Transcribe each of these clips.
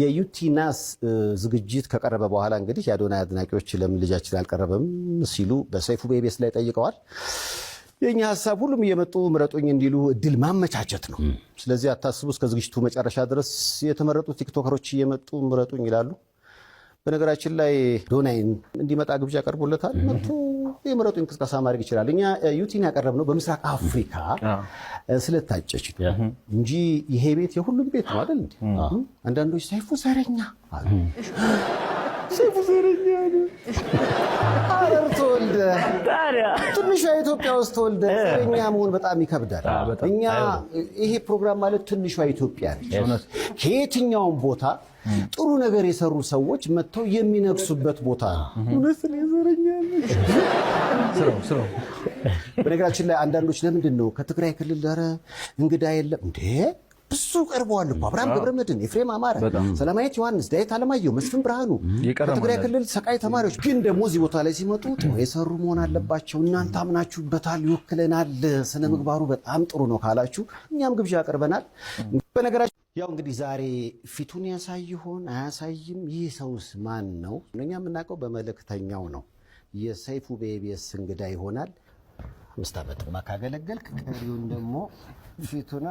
የዩቲናስ ዝግጅት ከቀረበ በኋላ እንግዲህ የአዶናይ አድናቂዎች ለምን ልጃችን አልቀረበም ሲሉ በሰይፉ ቤቤስ ላይ ጠይቀዋል። የእኛ ሀሳብ ሁሉም እየመጡ ምረጡኝ እንዲሉ እድል ማመቻቸት ነው። ስለዚህ አታስቡ፣ እስከ ዝግጅቱ መጨረሻ ድረስ የተመረጡ ቲክቶከሮች እየመጡ ምረጡኝ ይላሉ። በነገራችን ላይ ዶናይን እንዲመጣ ግብዣ ቀርቦለታል። መጥቶ የምረጡ እንቅስቃሴ ማድረግ ይችላል። እኛ ዩቲን ያቀረብነው በምስራቅ አፍሪካ ስለታጨች እንጂ ይሄ ቤት የሁሉም ቤት ነው አይደል? እንደ አንዳንዶች ሰይፉ ዘረኛ ሼፉ ዘረኛ ነው። ሐረር ተወልደህ ትንሿ ኢትዮጵያ ውስጥ ተወልደ ዘረኛ መሆን በጣም ይከብዳል። እኛ ይሄ ፕሮግራም ማለት ትንሿ ኢትዮጵያ ነች። ከየትኛውም ቦታ ጥሩ ነገር የሰሩ ሰዎች መጥተው የሚነግሱበት ቦታ ነው። በነገራችን ላይ አንዳንዶች ለምንድን ነው ከትግራይ ክልል ኧረ እንግዳ የለም እንዴ ብዙ ቀርበዋል እኮ አብርሃም ገብረመድን ኤፍሬም አማረ፣ ሰላማዊት ዮሐንስ፣ ዳዊት አለማየሁ፣ መስፍን ብርሃኑ ከትግራይ ክልል ሰቃይ ተማሪዎች ግን ደግሞ እዚህ ቦታ ላይ ሲመጡ የሰሩ መሆን አለባቸው። እናንተ አምናችሁበታል፣ ይወክለናል፣ ስነ ምግባሩ በጣም ጥሩ ነው ካላችሁ እኛም ግብዣ አቅርበናል። በነገራችን ያው እንግዲህ ዛሬ ፊቱን ያሳይ ይሆን አያሳይም? ይህ ሰውስ ማን ነው? እኛ የምናውቀው በመልእክተኛው ነው። የሰይፉ በኢቢኤስ እንግዳ ይሆናል። አምስት ማ ካገለገልክ ቀሪውን ደግሞ ፊቱና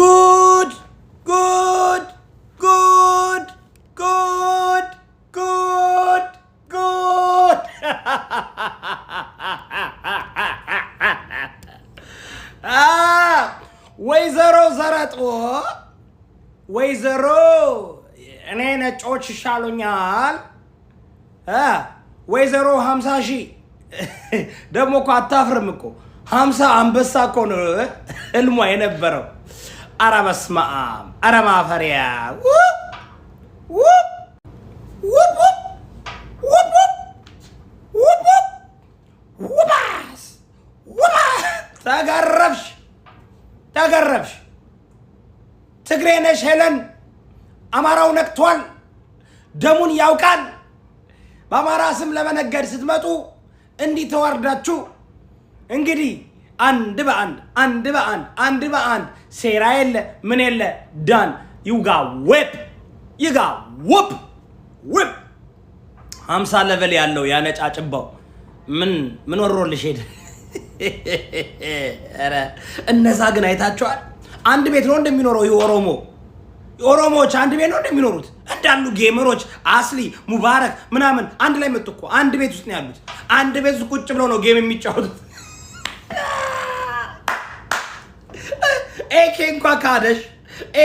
ጉድ ጉድ ጉድ ጉድ ጉድ ጉድ ወይዘሮ ወይዘሮ እኔ ነጮች ይሻሉኛል። ወይዘሮ ሀምሳ ሺህ ደግሞ እኮ አታፍርም እኮ ሀምሳ አንበሳ እኮ ነው የነበረው። አረ በስመ አብ! አረ ማፈሪያ! ተገረብሽ ተገረብሽ። ትግሬ ነሽ ሄለን፣ አማራው ነቅቷል፣ ደሙን ያውቃል። በአማራ ስም ለመነገድ ስትመጡ እንዲህ ተዋርዳችሁ እንግዲህ አንድ በአንድ አንድ በአንድ አንድ በአንድ ሴራ የለ ምን የለ ዳን ዩጋ ዌፕ ይጋ ውፕ ውፕ ሀምሳ ለቨል ያለው ያነጫጭባው ምን ምን ወሮልሽ ሄደ። እነዛ ግን አይታችኋል። አንድ ቤት ነው እንደሚኖረው የኦሮሞ ኦሮሞዎች አንድ ቤት ነው እንደሚኖሩት እንዳሉ ጌመሮች አስሊ ሙባረክ ምናምን አንድ ላይ መጡ እኮ አንድ ቤት ውስጥ ነው ያሉት። አንድ ቤት ውስጥ ቁጭ ብለው ነው ጌም የሚጫወቱት። ኤኬ እንኳ ካደሽ፣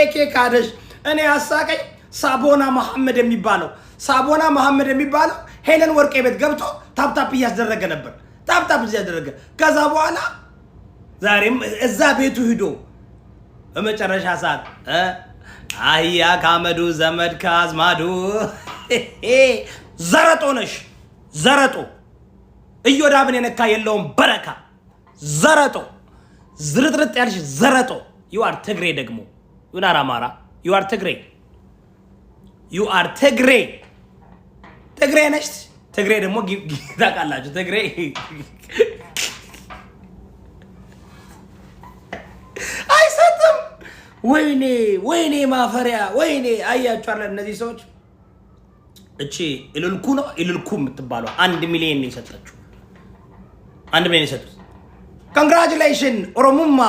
ኤኬ ካደሽ። እኔ አሳቀኝ። ሳቦና መሐመድ የሚባለው ሳቦና መሐመድ የሚባለው ሄለን ወርቄ ቤት ገብቶ ታፕታፕ እያስደረገ ነበር። ታፕታፕ እያስደረገ ከዛ በኋላ ዛሬም እዛ ቤቱ ሂዶ በመጨረሻ ሰዓት አህያ ካመዱ ዘመድ ከአዝማዱ ዘረጦ ነሽ ዘረጦ። እዮዳብን የነካ የለውም በረካ። ዘረጦ ዝርጥርጥ ያልሽ ዘረጦ። ዩአር ትግሬ ደግሞ ዩናር አማራ ዩ ትግሬ ዩአር ትግሬ ትግሬ ነሽ። ትግሬ ደግሞ ታውቃላችሁ ትግሬ ወይኔ ወይኔ ማፈሪያ ወይኔ። አያችኋለን እነዚህ ሰዎች እቺ እልልኩ ነው እልልኩ የምትባለው አንድ ሚሊዮን ነው የሰጠችው። አንድ ሚሊዮን የሰጡት ኮንግራጁሌሽን ኦሮሙማ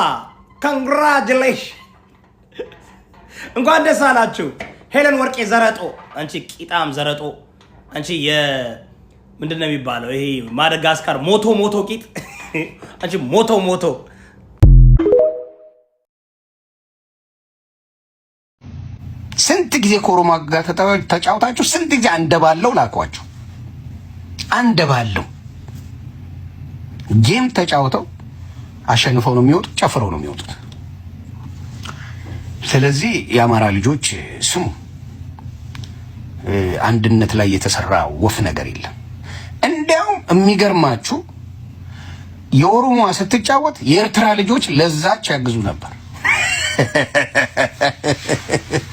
ኮንግራጁሌሽን፣ እንኳን ደስ አላችሁ። ሄለን ወርቄ ዘረጦ፣ አንቺ ቂጣም ዘረጦ፣ አንቺ የምንድን ነው የሚባለው ይሄ ማደጋስካር ሞቶ ሞቶ ቂጥ፣ አንቺ ሞቶ ሞቶ ስንት ጊዜ ከኦሮሞ ጋር ተጫውታችሁ ስንት ጊዜ አንደባለው ላኳቸው። አንደባለው ጌም ተጫውተው አሸንፈው ነው የሚወጡት፣ ጨፍረው ነው የሚወጡት። ስለዚህ የአማራ ልጆች ስሙ፣ አንድነት ላይ የተሰራ ወፍ ነገር የለም። እንዲያውም የሚገርማችሁ የኦሮሞ ስትጫወት የኤርትራ ልጆች ለዛች ያግዙ ነበር።